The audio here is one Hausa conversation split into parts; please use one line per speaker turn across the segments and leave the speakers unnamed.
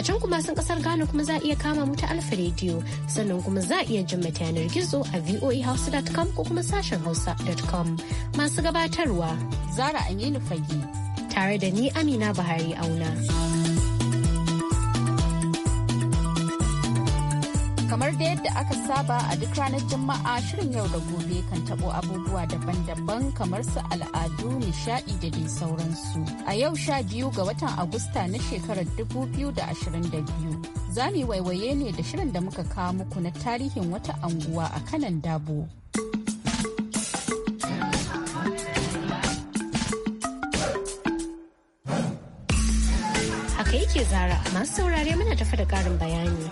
A can kuma sun kasar Ghana kuma za a iya kama mu ta Alfa Radio sannan kuma za a iya jin yanar gizo a voahausa.com ko kuma sashen hausa.com. Masu gabatarwa Zara Aminu Fage tare da ni Amina Buhari Auna.
Kamar da yadda aka saba a duk ranar Juma'a shirin yau da gobe kan tabo abubuwa daban-daban kamar su al'adu, nishadi da dai sauransu. A yau sha biyu ga watan Agusta na shekarar dubu biyu da ashirin da biyu mu waiwaye ne da shirin da muka kawo muku na tarihin wata anguwa a kanan dabo.
Haka yake zara masu saurare muna tafa da ƙarin bayani.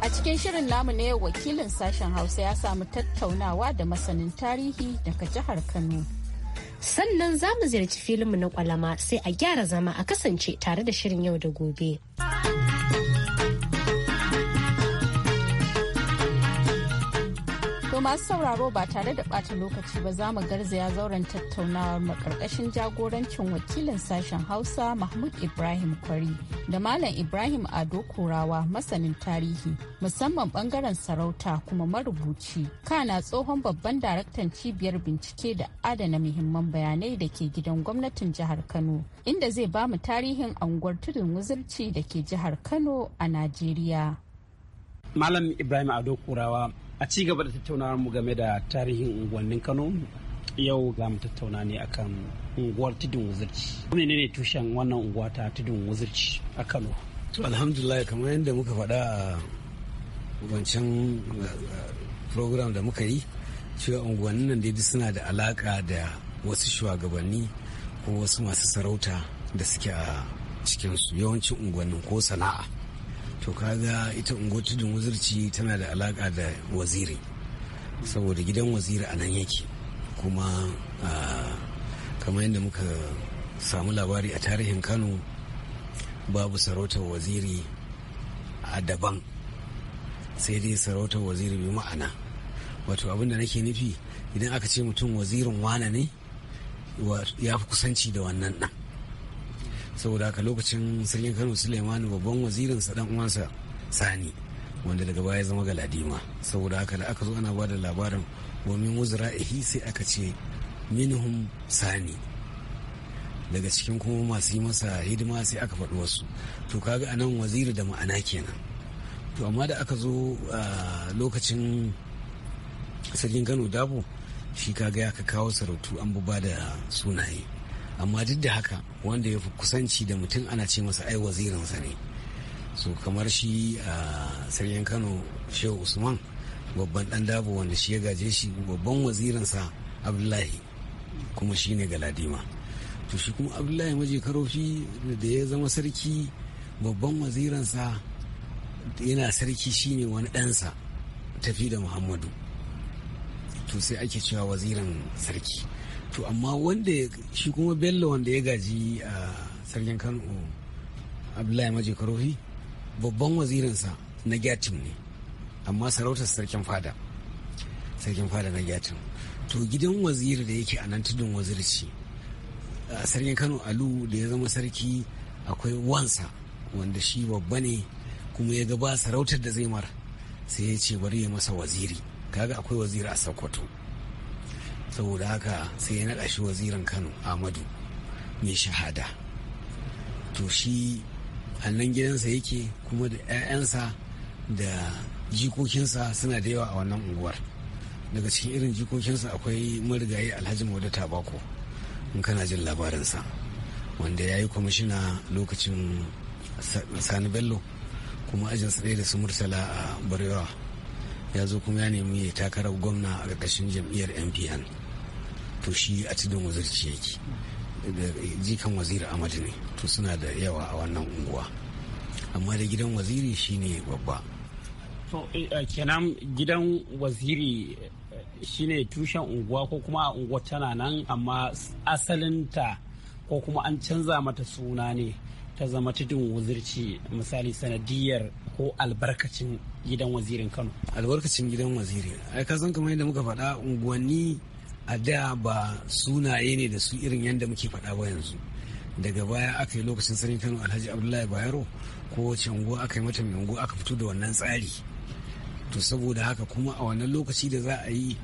A cikin shirin namu ne wakilin sashen Hausa ya samu tattaunawa da masanin
tarihi daga jihar Kano. Sannan za mu ziyarci filinmu na kwalama sai a gyara zama a kasance tare da shirin yau da gobe. To masu sauraro ba tare da
ɓata lokaci ba za mu garzaya zauren tattaunawar makarkashin jagorancin wakilin sashen Hausa Mahmud Ibrahim Kwari da Malam Ibrahim Ado Kurawa masanin tarihi musamman bangaren sarauta kuma marubuci kana tsohon babban daraktan cibiyar bincike da adana muhimman bayanai da ke gidan gwamnatin jihar Kano inda zai ba mu tarihin anguwar tudun wuzirci da ke jihar Kano a Najeriya.
Malam Ibrahim Ado Kurawa a ci gaba da tattaunawa mu game da tarihin unguwannin kano yau za mu tattauna ne akan unguwar tudun wuzirci ne ne
tushen wannan unguwa ta tudun wuzirci a kano to alhamdulillah kamar yadda muka faɗa a wancan eh, program da muka yi cewa unguwannin nan dai suna da alaka da wasu shugabanni ko wasu masu sarauta da suke a cikinsu yawancin unguwannin ko sana'a to kaga ita unguwar tudun wazirci tana da alaka da waziri saboda gidan waziri a nan yake kuma kamar yadda muka samu labari a tarihin kano babu sarautar waziri a daban sai dai sarautar waziri bi ma'ana wato abinda nake nufi idan aka ce mutum wazirin wana ne ya fi kusanci da wannan ɗan saboda haka lokacin sarkin kano suleimani babban wazirin sa dan uwansa sani wanda daga baya zama galadima saboda haka da aka zo ana ba da labarin domin wuzra'ihi sai aka ce minhum sani daga cikin kuma masu yi masa hidima sai aka faɗi wasu to kaga a nan waziri da ma'ana kenan to amma da aka zo a lokacin sarkin kano dabo shi kaga ya ka kawo sarautu an ba da sunaye amma duk da haka wanda ya fi kusanci da mutum ana ce masa ai wazirinsa ne so kamar shi a sanyin kano shehu usman babban dan dabo wanda shi ya gaje shi babban wazirinsa abdullahi kuma shi ne galadima to shi kuma abdullahi maji karofi da ya zama sarki babban waziransa yana sarki shi ne wani ɗansa tafi da muhammadu to sai ake cewa waziran sarki to amma wanda shi kuma bello wanda ya gaji a sarkin kano abdullahi maje karofi babban wazirinsa na gyatin ne amma sarautar sarkin fada sarkin fada na gyatin to gidan waziri da yake a nan tudun wazirci sarkin kano alu da ya zama sarki akwai wansa wanda shi babba ne kuma ya gaba sarautar da zai mara sai ya ce bari ya masa waziri kaga akwai waziri a sokoto saboda haka sai ya naɗa shi waziran kano amadu mai shahada to shi nan gidansa yake kuma da 'ya'yansa da jikokinsa suna da yawa a wannan unguwar daga cikin irin jikokinsa akwai marigayi alhaji mauda tabako in kana jin labarinsa wanda ya yi kwamishina lokacin sani bello kuma ajinsa ɗaya da su murtala a barewa ya zo kuma ya nemi ya takarar gwamna a ƙarƙashin jam'iyyar mpn to shi a tudun wazirci yake da jikan waziri amadu ne to suna da yawa a wannan unguwa amma da gidan waziri shi ne babba
to eh, eh, kenan gidan waziri eh, shi ne tushen unguwa ko kuma unguwa tana nan amma asalinta ko kuma an canza mata suna ne ta zama tudun wazirci misali sanadiyar ko albarkacin
gidan wazirin kano albarkacin gidan waziri ai ka san kamar yadda muka faɗa unguwanni a da ba sunaye ne da su irin yadda muke faɗa ba yanzu daga baya aka yi lokacin sanin kano alhaji abdullahi bayero ko unguwa aka yi mata mai aka fito da wannan tsari to saboda haka kuma a wannan lokaci da za a yi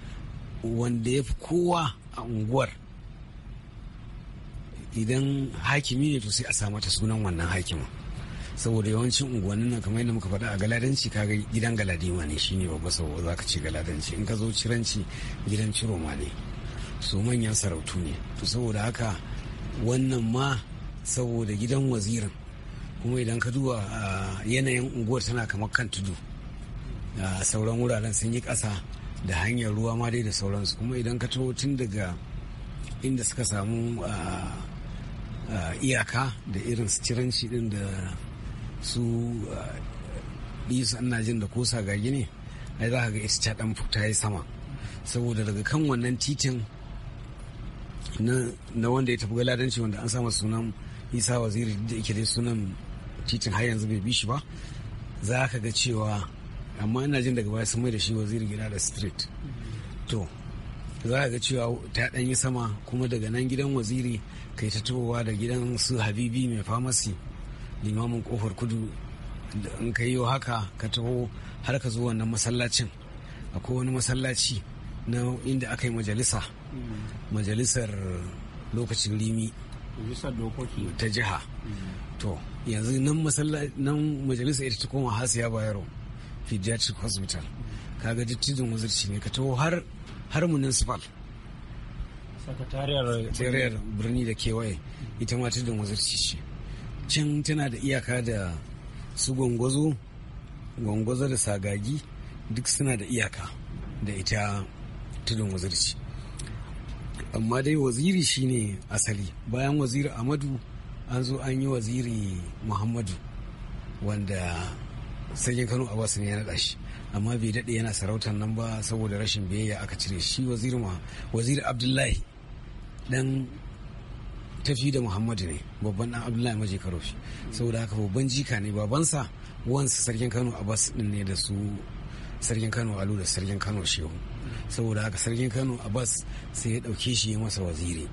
wanda ya fi kowa a unguwar idan hakimi ne to sai a samu ta sunan wannan hakimin saboda yawancin unguwannin nan kamar yadda muka faɗa a galadanci ka ga gidan galadima ne shine babba saboda za ka ce galadanci in ka zo ciranci gidan ciroma ne su manyan sarautu ne to saboda haka wannan ma saboda gidan wazirin kuma idan ka duba yanayin unguwar tana kamar kan tudu sauran wuraren sun yi ƙasa da hanyar ruwa ma dai da sauransu kuma idan ka taho tun daga inda suka samu Uh, iyaka da irin ciranci din da su bisu uh, ana jin da kosa ga gini ai za ka ga ita dan ta yi sama saboda daga kan wannan titin na wanda ya tafi galadanci wanda an sama sunan isa waziri da yake dai sunan titin har yanzu bai bi shi ba za ka ga cewa amma ina jin daga baya sun mai da shi waziri gida da street to za a ga cewa ta ɗan yi sama kuma daga nan gidan waziri kai ta towa da gidan su habibi mai famasi limamin kofar kudu in ka yi haka ka taho har ka zo wannan masallacin akwai wani masallaci na inda aka yi majalisa majalisar lokacin rimi ta jiha mm. to yanzu nan majalisa ita ta koma hasiya bayero pediatric hospital mm. kaga dattijin wazirci ne ka taho har har municipal sakatariyar birni da kewaye ita ma tudun wazirci ce can tana da iyaka da su gwangwazo gwangwazo da sagagi duk suna da iyaka da ita tudun wazirci amma dai waziri shine asali bayan waziri amadu an zo an yi waziri muhammadu wanda sanyin kano a abbas ne ya naɗa shi amma bai daɗe yana sarautar nan ba saboda rashin biyayya aka cire shi wazir wazir abdullahi dan tafi da muhammadu ne babban dan abdullahi maje shi saboda haka babban jika ne babansa wansa sarkin kano bas din ne da su sarkin kano alu da sarkin kano shehu saboda haka sarkin kano a bas sai ya ɗauke shi ya masa waziri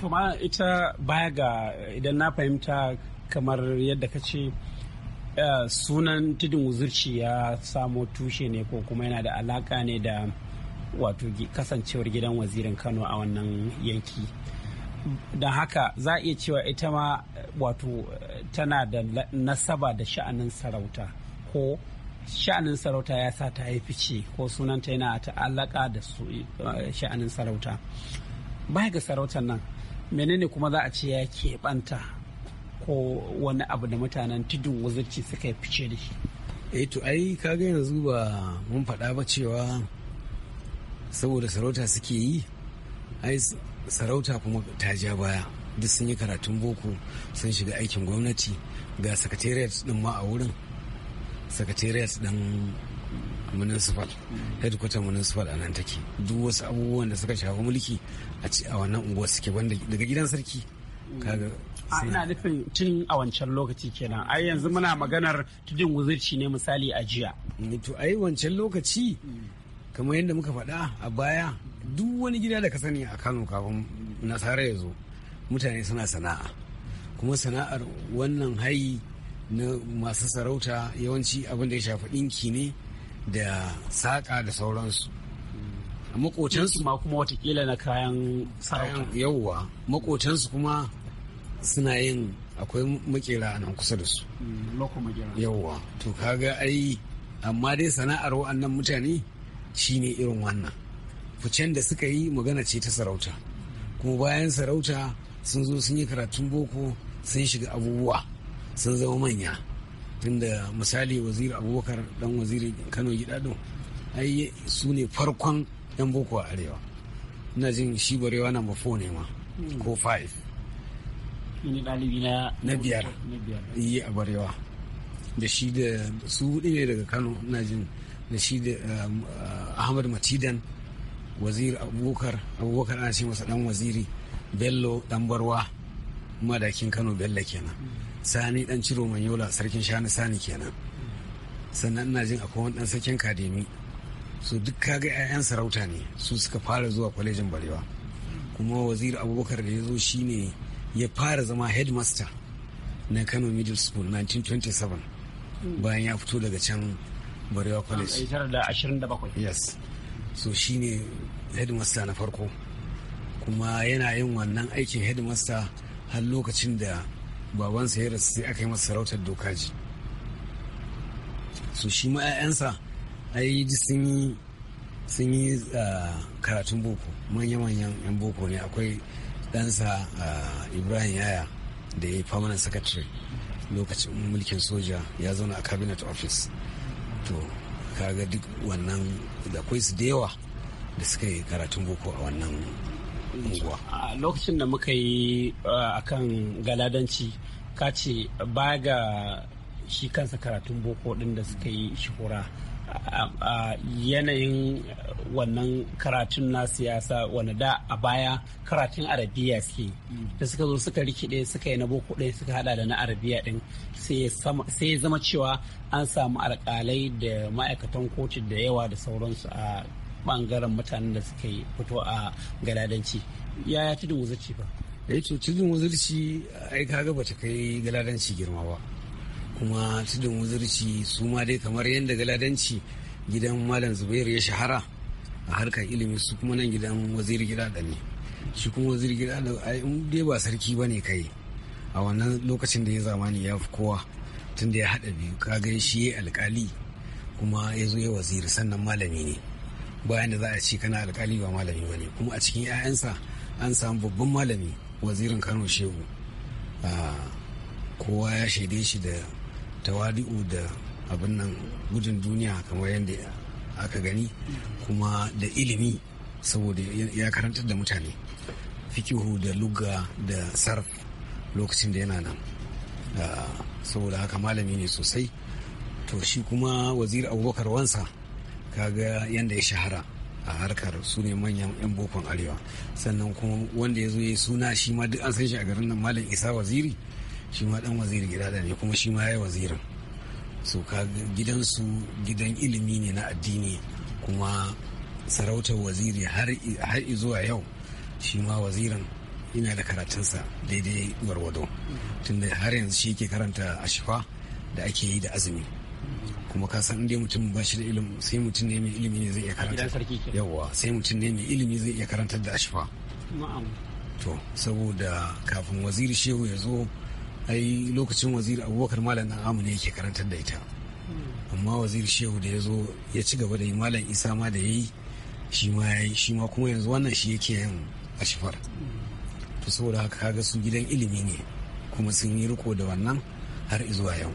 to ita baya ga idan na fahimta kamar yadda ka ce Eh, sunan tudun wuzurci ya samo tushe ne ko kuma yana da alaka ne da wato kasancewar gidan wazirin kano a wannan yanki don haka za a iya cewa ita ma eh, wato eh, tana da nasaba da sha'anin sarauta ko sha'anin sarauta ya sa ta yi fice ko sunanta yana ta'allaka da sha'anin sarauta Ba ga sarautar nan menene kuma za a ce ya keɓanta ko wani abu da mutanen tudun wuzurci suka yi fice da shi eh to
ai kaga yanzu ba mun faɗa ba cewa saboda sarauta suke yi ai sarauta kuma ta ja baya duk sun yi karatun boko sun shiga aikin gwamnati ga secretariat din ma a wurin secretariat din municipal headquarter municipal a nan take duk wasu abubuwan da suka shafi mulki a wannan unguwar suke wanda daga gidan sarki ina
nufin tun a wancan lokaci kenan ai yanzu muna maganar tudun wuzirci ne misali a
jiya to ai wancan lokaci kamar yadda muka faɗa a baya duk wani gida da ka sani a kano kafin nasara ya zo mutane suna sana'a kuma sana'ar wannan hayi na masu sarauta yawanci abin da ya shafi ɗinki ne da saƙa da sauransu makocinsu ma kuma watakila na kayan sarauta yauwa makocinsu kuma suna yin akwai makera nan kusa da su mm, yawwa to kaga ai amma dai sana'ar wa'annan mutane shine irin wannan ficen da suka yi magana ce ta sarauta kuma bayan sarauta sun zo sun yi karatun boko sun shiga abubuwa sun zama manya tunda misali wazir abubakar dan waziri kano gidado ai su ne farkon yan boko a arewa ina jin shi barewa na mafo ne ma ko five na na biyar. Yi a barewa. Da shi da su hudu ne daga Kano na jin da shi da um, uh, Ahmad Matidan wazir abubakar abubakar ana ce masa dan waziri bello dan barwa madakin kano bello kenan sani dan ciro manyola sarkin shanu sani kenan sannan ina jin akwai wani dan sarkin kademi su duk kaga 'ya'yan sarauta ne su suka fara zuwa kwalejin barewa kuma wazir abubakar da ya zo shine ya fara zama headmaster na kano middle school 1927 bayan ya fito daga can barewa college yes so shine headmaster na farko kuma yana yin wannan aikin headmaster har lokacin da babansa ya rasu sai aka yi masa sarautar dokaji so shi ma'ayansa 'ya'yansa sun sun yi ah, karatun boko manya-manyan 'yan boko ne akwai ɗansa ibrahim yaya da ya yi permanent secretary lokacin mulkin soja ya zauna a cabinet office to kaga duk wannan da akwai su da yawa da suka yi karatun boko a wannan unguwa
lokacin da muka yi akan galadanci ka ce ba ga shi kansa karatun boko ɗin da suka yi shi a yanayin wannan karatun na siyasa wani da a baya karatun arabiya suke da suka zo suka rikide suka yi na boko ɗaya suka hada da na arabiya ɗin sai zama cewa an samu alkalai da ma'aikatan kotu da yawa da sauransu a bangaren mutanen da suka yi fito a
galadanci yaya tudun wuzarci eh ba ya ce tudun wuzurci ai kaga bata kai galadanci girma ba kuma tudun wuzurci su ma dai kamar yadda galadanci gidan malam zubairu ya shahara a harkar ilimi su kuma nan gidan waziri gida da ne shi kuma waziri gida da in dai ba sarki ba ne kai a wannan lokacin da ya zamani ya fi kowa tun da ya haɗa biyu ka shi ya alkali kuma ya zo ya waziri sannan malami ne bayan da za a ce kana alkali ba malami ba ne kuma a cikin 'ya'yansa an samu babban malami wazirin kano shehu ah, kowa ya shaide shi da tawadi'u da abin nan gudun duniya kamar yadda aka gani kuma da ilimi saboda ya karantar da mutane fikihu da luga da sarf lokacin da yana nan ah, saboda haka malami ne sosai to shi kuma wazir abubakar wansa kaga yadda ya shahara a harkar su ne manyan 'yan bokon arewa sannan kuma wanda ya zo ya suna shi ma duk an san shi a garin nan malam isa waziri shi ma dan wazirin gidada ne kuma shi ma ya yi wazirin so ka gidansu gidan ilimi ne na addini kuma sarautar waziri har zuwa yau shi ma wazirin ina da karatunsa daidai warwado tunda har yanzu shi ke karanta shifa da ake yi da azumi kuma ka san inda mutum ba shi da ilimi sai mutum ne mai ilimi ne zai iya karanta yawwa sai mutum ne mai ilimi zai iya karantar da ashifa to saboda kafin waziri shehu ya zo ai lokacin waziri abubakar malam na amu ne yake karantar da ita amma waziri shehu da ya zo ya ci gaba da yi malam isa ma da ya yi shi ma ya yi shi ma kuma yanzu wannan shi yake yin ashifar to saboda haka kaga su gidan ilimi ne kuma sun yi riko da wannan har izuwa yau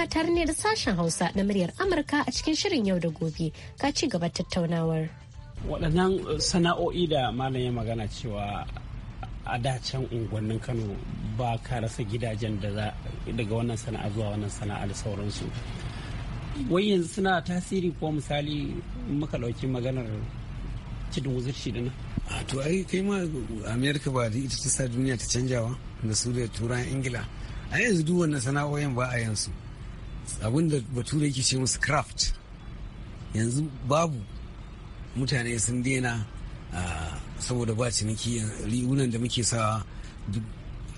kuna tare ne da sashen Hausa na muryar Amurka a cikin shirin yau da gobe ka ci gaba tattaunawar.
Waɗannan uh, sana'o'i da malam ya magana cewa a dacen unguwannin Kano ba ka rasa gidajen da daga wannan sana'a zuwa wannan sana'a da sauransu. Wai yanzu suna tasiri ko misali
muka ɗauki maganar wuzir shi da A to ai kai ma Amerika ba da ita ta sa duniya ta canjawa da su da turan Ingila. a yanzu duk wannan sana'o'in ba a yansu abinda bature yake ce musu craft yanzu babu mutane sun daina ah, saboda ba ciniki riunan da muke sa duk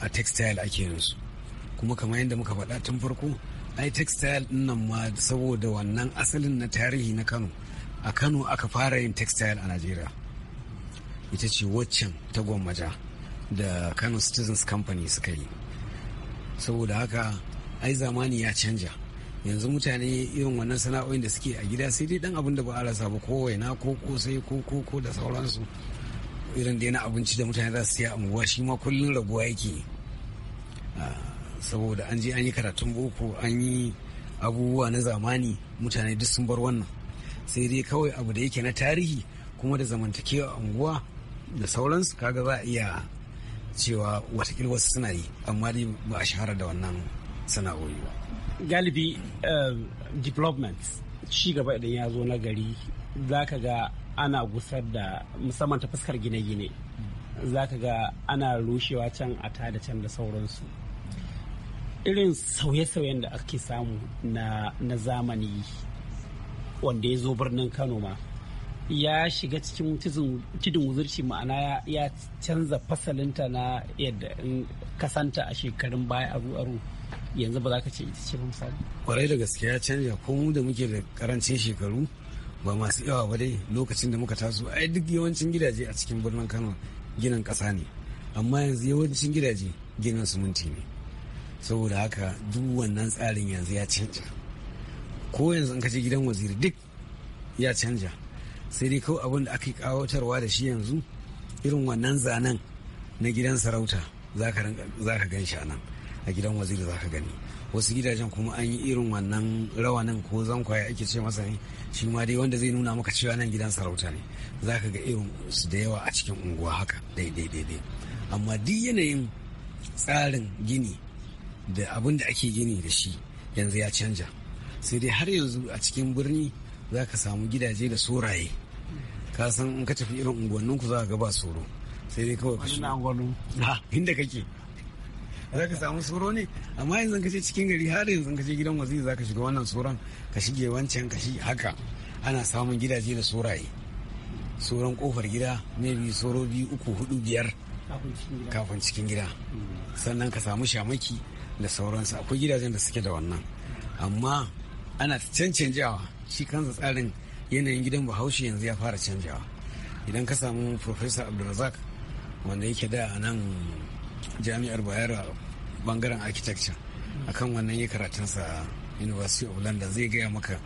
a textile ake yanzu kuma kamar yadda muka faɗa tun farko ai textile nan ma saboda wannan asalin na tarihi na kano a kano aka fara yin textile a najeriya ita ce waccan ta gwammaja da kano citizens company suka yi saboda haka ai zamani ya canja yanzu mutane irin wannan sana'o'in da suke a gida sai dai dan abin da ba a rasa ba ko waina ko kosai ko koko da sauransu irin da yana abinci da mutane za su siya unguwa shi ma kullum raguwa yake ah, saboda an je an yi karatun boko an yi abubuwa na zamani mutane duk sun bar wannan sai dai kawai abu da yake na tarihi kuma da zamantakewa unguwa da sauransu kaga za a iya cewa watakila wasu suna yi amma dai ba a shahara da wannan sana'o'i galibi eh, development ci gaba idan ya zo na
gari za ka ga ana gusar da musamman ta fuskar gine-gine za ka ga ana rushewa can a tada can da sauransu irin sauye-sauyen da ake samu na, zamani wanda ya zo birnin kano ma ya shiga cikin kidin wuzurci ma'ana ya canza fasalinta na yadda kasanta a shekarun baya aru-aru
yanzu ba za ka ce ita ce ba misali kwarai da gaske ya canja ko mu da muke da karancin shekaru ba masu yawa ba dai lokacin da muka taso ai duk yawancin gidaje a cikin birnin kano ginin kasa ne amma yanzu yawancin gidaje ginin suminti ne saboda haka duk wannan tsarin yanzu ya canja ko yanzu in ka je gidan waziri duk ya canja sai dai kawai abin da aka yi kawatarwa da shi yanzu irin wannan zanen na gidan sarauta za ka gan shi a nan a gidan waziri za ka gani wasu gidajen kuma an yi irin wannan rawanin ko zankwaya ake ce masa ne shi ma dai wanda zai nuna maka cewa nan gidan sarauta ne za ka ga irin su da yawa a cikin unguwa haka daidai daidai amma duk yanayin tsarin gini da abin da ake gini da shi yanzu ya canja sai dai har yanzu a cikin birni za ka samu gidaje da soraye ka san in ka tafi irin unguwanninku za ka ga ba soro sai dai kawai ka shi inda kake za ka samu tsoro ne amma yanzu ka ce cikin gari har yanzu ka ce gidan waziri za ka shiga wannan tsoron ka shige wancan ka shi haka ana samun gidaje da tsoraye tsoron kofar gida bi tsoro biyu uku hudu biyar kafin cikin gida mm. sannan ka samu shamaki da sauransu akwai gidajen da suke da wannan amma ana cancanjawa shi kansa tsarin yanayin gidan bahaushe yanzu ya fara canjawa idan ka samu professor abdulrazak wanda yake da nan jami'ar bayero bangaren architecture akan wannan ya karatunsa university of london zai gaya maka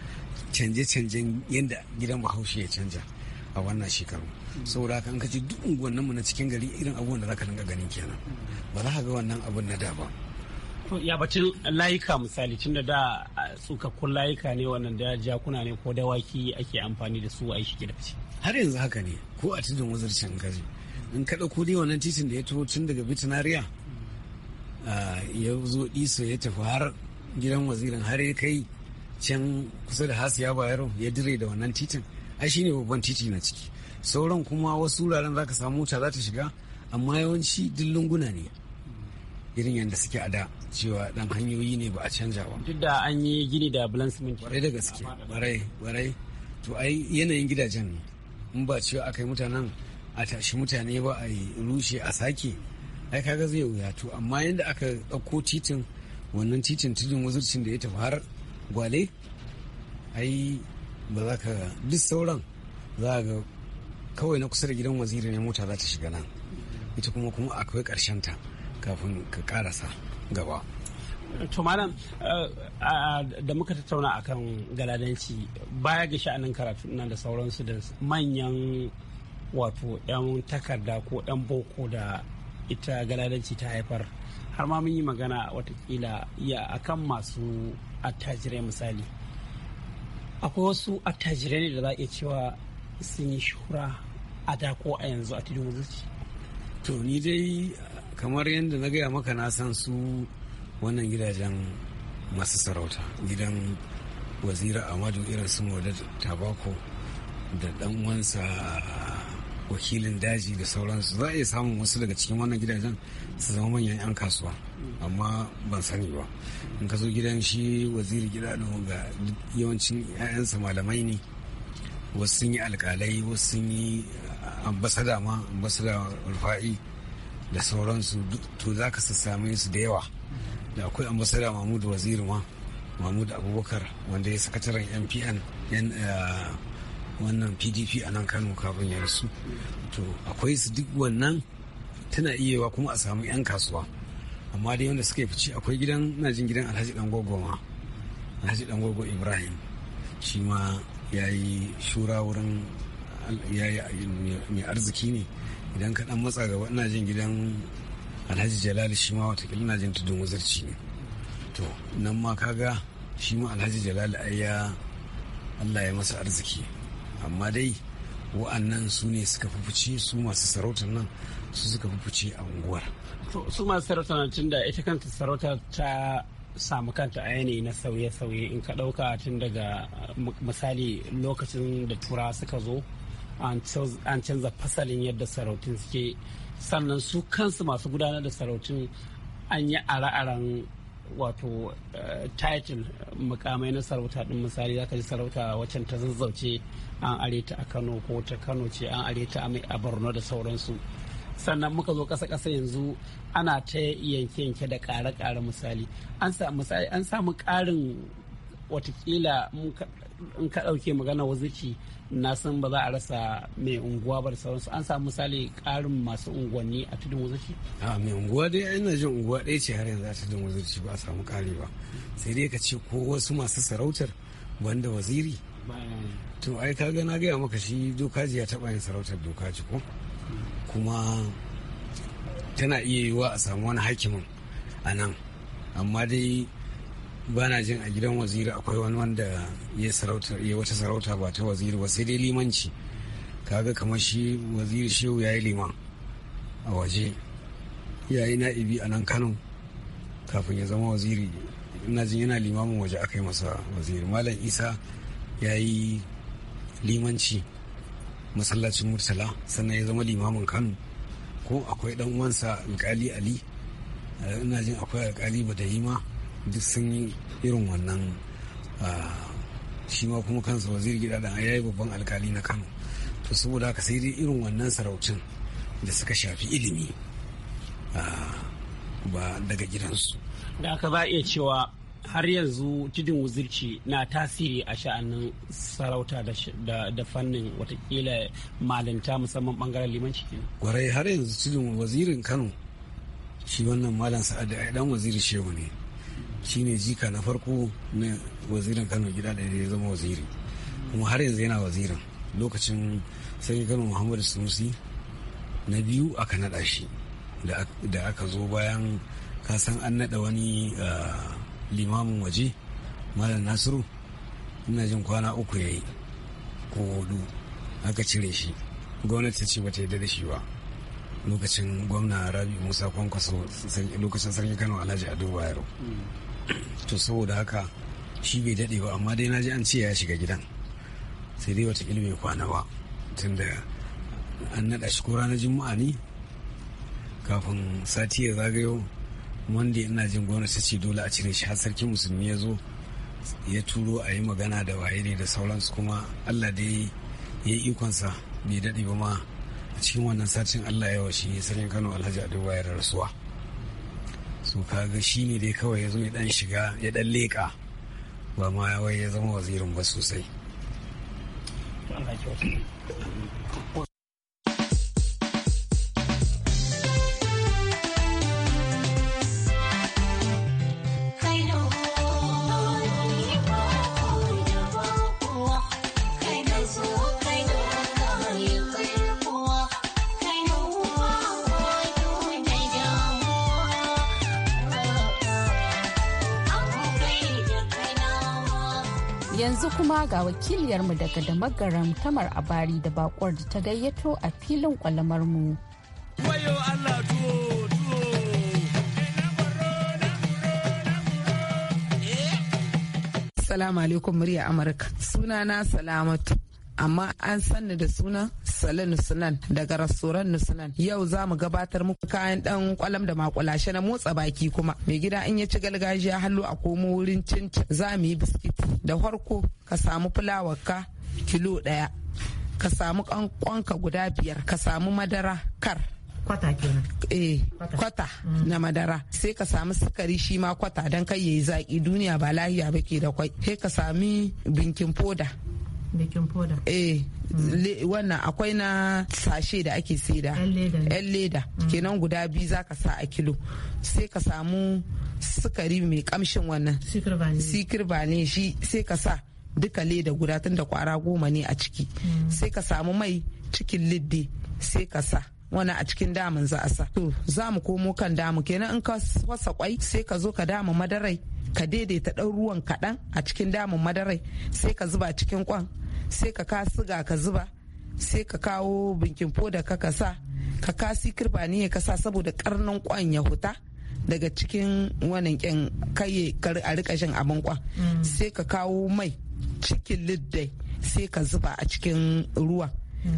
canje-canjen yadda gidan bahaushe ya canja a wannan shekaru saboda haka an kaci duk unguwanninmu na cikin gari irin abubuwan da ka dinga ganin kenan ba za ka ga wannan abun na da ba
to ya bacin layuka misali tunda da tsukakkun layuka ne wannan da jakuna ne ko dawaki ake
amfani da su a yi shi har yanzu haka ne ko a tudun wazircin gari in kaɗa ko dai wannan titin da ya taho tun daga bitinariya ya zo iso ya tafi har gidan wazirin har ya kai can kusa da hasiya bayero ya dire da wannan titin ai shine babban titi na ciki sauran kuma wasu wuraren zaka samu mota za ta shiga amma yawanci duk lunguna ne irin yadda suke a da cewa dan hanyoyi ne ba a canja ba duk da an yi gini da bulan siminti kwarai da gaske kwarai kwarai to ai yanayin gidajen in ba cewa akai mutanen a tashi mutane ba a yi rushe a sake ai kaga zai wuya to amma yadda aka ɗauko titin wannan titin tudun wuzurcin da ya tafi har gwale ai ba za ka duk sauran za ga kawai na kusa da gidan waziri ne mota za ta shiga nan ita kuma kuma akwai ƙarshen ta kafin ka karasa gaba
to malam eh, da muka tattauna akan galadanci baya ga sha'anin karatu nan da sauransu da manyan wato 'yan takarda ko 'yan boko da ita galadanci ta haifar har ma mun yi magana watakila ya akan masu attajirai misali akwai wasu attajirai ne da za a iya cewa sun yi shura a da ko a yanzu a tudun zuci
to ni dai kamar yadda na gaya maka na san su wannan gidajen masu sarauta gidan wazira amadu irin su da tabako da dan uwansa wakilin daji da sauransu za a iya samun wasu daga cikin wannan gidajen su zama manyan 'yan kasuwa amma ban sani ba in ka zo gidan shi waziri gida ga yawancin 'ya'yansa malamai ne wasu sun yi alkalai wasu sun yi ambasada ma ambasada rufa'i da sauransu to za ka same su da yawa da akwai ambasada mahmud waziri ma mahmud abubakar wanda ya sakataren mpn wannan pdp a nan kano kafin ya rasu to akwai su duk wannan tana wa kuma a samu 'yan kasuwa amma dai wanda suka yi fice akwai gidan na jin gidan alhaji dan gogoma alhaji dan gogo ibrahim shi ma ya yi shura wurin ya yi mai arziki ne idan ka dan matsa gaba ina jin gidan alhaji jalal shi ma watakila ina jin tudun wuzarci ne to nan ma kaga shi ma alhaji jalal ai ya allah ya masa arziki amma dai wa'annan su ne suka fi su masu sarautar nan su suka fi fice a unguwar
su masu sarautar nan tun da ita kanta sarauta ta samu kanta a yanayi na sauye-sauye in ka ɗauka tun daga misali lokacin da tura suka zo an canza fasalin yadda sarautun suke sannan su kansu masu gudanar da sarautun an yi ara'aran wato eh, title mukamai na sarauta din misali zaka ji sarauta waccan ta zazzauce an are ta a kano ko ta kano ce an are ta a borno da sauransu sannan muka zo ƙasa ƙasa yanzu ana ta yanke-yanke da ƙare-ƙare misali an samu misali an samu ƙarin watakila in ka ɗauke magana wazici na san ba za a rasa mai unguwa ba da sauransu an samu misali ƙarin masu unguwanni
a tudun wazici? a mai unguwa dai ina jin unguwa ɗaya ce har yanzu a tudun wazici ba a samu ƙari ba sai dai ka ce ko wasu masu sarautar banda waziri to ai ka ga na gaya maka shi dokaji ya taba yin sarautar doka ci ko kuma tana iya yiwuwa a samu wani hakimin a nan amma dai ba na jin a gidan waziri akwai wani wanda ya wata sarauta ba ta waziri ba sai dai limanci kaga kamar shi waziri shehu ya yi liman a waje ya yi na'ibi a nan kano kafin ya zama waziri ina jin yana limamin waje aka yi masa waziri malam isa ya yi limanci masallacin murtala sannan ya zama limamin kano ko akwai dan uwansa alkali ali eh, ina jin akwai alkali badahima duk sun yi irin wannan ah, shi ma kuma kansa wazir gida da ya yi babban alkali na kano to saboda haka sai dai irin wannan saraucin da suka shafi ilimi ah, ba daga gidansu
da aka ba iya cewa har yanzu tudun wuzirci na tasiri a sha'anin sarauta da fannin watakila malinta musamman bangaren limanci
gwarai har yanzu tudun wazirin kano shi wannan malam sa'ad da dan waziri shehu ne shi ne jika na farko na wazirin kano gida da ya zama waziri kuma har yanzu yana wazirin lokacin sai kano muhammadu sunusi na biyu aka naɗa shi da aka zo bayan kasan an naɗa wani ah, limamin waje malam nasiru ina jin kwana uku yayi yi ko hudu aka cire shi gwamnati ce bata yadda da shi ba lokacin gwamna rabi musa kwankwaso lokacin sarki kano alhaji ado bayero to saboda haka shi bai daɗe ba amma dai na ji an ce ya shiga gidan sai dai wata bai kwana ba tunda an naɗa shi ko ranar juma'a ne kafin sati ya zagayo wanda ina jin gwamnati ce dole a cire shi har sarkin musulmi ya zo ya turo a yi magana da waye ne da sauransu kuma allah dai ya yi ikonsa bai daɗe ba ma a cikin wannan satin allah ya washe sarkin kano alhaji adowa ya rasuwa so kaga shi ne dai kawai ya zo ya dan shiga ya dan leƙa ba ma wai ya zama wazirin ba sosai
Yanzu kuma ga wakiliyarmu daga damagaram Tamar Abari da bakwar da ta gayyato a filin mu.
Salamu alaikum murya Amurka. Sunana Salamatu, amma an sanni da suna sale nusunan daga rastoran nusunan yau za mu gabatar muku kayan ɗan kwalam da makulashe na motsa baki kuma mai gida in ya ci gargajiya hannu a komo wurin cinci za mu yi biskit da farko ka samu fulawarka kilo daya ka samu kankonka guda biyar ka samu madara kar kwata kenan eh kwata mm. na madara sai ka samu sukari shi ma kwata don kai yayi zaki duniya ba lahiya ba ke da kwai sai ka sami binkin foda powder eh mm. wannan akwai na sashe da ake saida yan leda mm. kenan guda biyu za ka sa a kilo sai ka samu sukari mai kamshin wannan sikir ba ne shi sai ka sa duka leda guda tun da kwara goma ne a ciki mm. sai ka samu mai cikin liddi sai ka sa wani a cikin damun za a sa to za mu komo kan damu kenan in ka wasa kwai sai ka zo ka dama madarai ka daidaita ɗan ruwan kaɗan a cikin damun madarai sai ka zuba cikin kwan sai ka ka siga ka zuba sai ka kawo binkin foda ka ka sa ka ka kirba ni ka sa saboda karnin kwan ya huta daga cikin wannan kyan kaye a rika shan abin kwan mm. sai ka kawo mai cikin liddai sai ka zuba a cikin ruwa.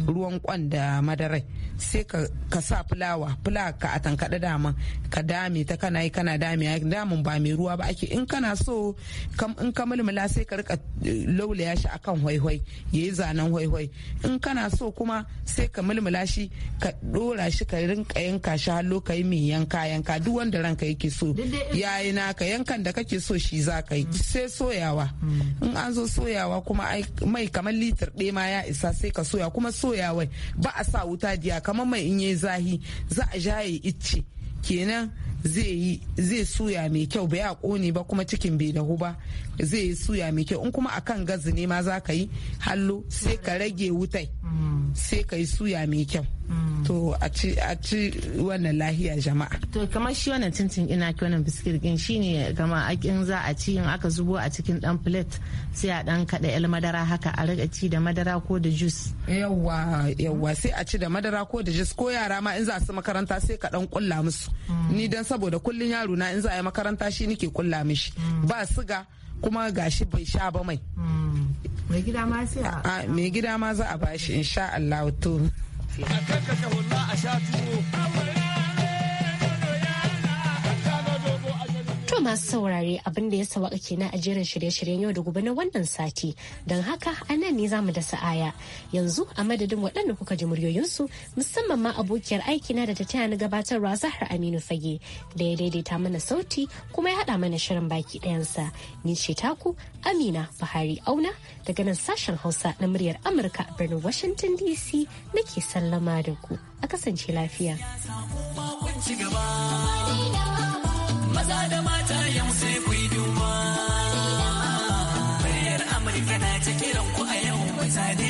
ruwan kwan da madarai sai ka sa fulawa fulawa ka a tankaɗa dama ka dame ta kana yi kana dame damun ba mai ruwa ba ake in kana so in ka mulmula sai ka rika eh, laulaya shi akan hwaihwai ya yi zanen hwaihwai in kana so kuma sai ka mulmula shi ka ɗora shi ka rinka yanka shi hallo ka yi yanka yanka duk wanda ranka yake so yayi naka yankan da kake so shi za ka yi mm. sai soyawa mm. in an zo soyawa kuma mai kamar litir ɗaya ma ya isa sai ka soya kuma wai ba a sa wuta diya kamar mai in yi zahi za a jaye icce kenan zai yi zai suya mai kyau bai a kone ba kuma cikin bai dahu ba zai yi suya mai kyau in kuma akan gazi ne ma za ka yi hallo sai ka rage wutai sai ka yi suya mai kyau mm. to a ci wannan lahiya jama'a to kamar shi wannan tintin ina ki wannan biskit din shine gama akin za a ci in aka zubo a cikin dan plate sai a dan kada el madara haka a riga ci da madara ko da juice yawwa yawwa sai a ci da madara ko da juice ko yara ma in za su makaranta sai ka dan kulla musu mm. ni dan saboda kullun yaro na in za a yi makaranta shi nake kulla mishi mm. ba siga kuma gashi bai sha ba mai mm. ah, mai gida ma za a bashi insha Allah to a
sha tuwo
To masu saurare abin da ya sawaka kenan a jerin shirye-shiryen yau da gobe na wannan sati. Don haka a nan ne zamu da sa'aya. Yanzu a madadin waɗanda kuka ji muryoyinsu musamman ma abokiyar aiki na da ta taya ni gabatarwa Zahra Aminu Fage da ya daidaita mana sauti kuma ya haɗa mana shirin baki ɗayansa. Ni ce taku Amina Buhari Auna daga nan sashen Hausa na muryar Amurka a birnin Washington DC nake sallama da ku. A kasance lafiya.
maza da mata yau sai ku yi duba muryar amurka na ta kiran ku a yau mai zane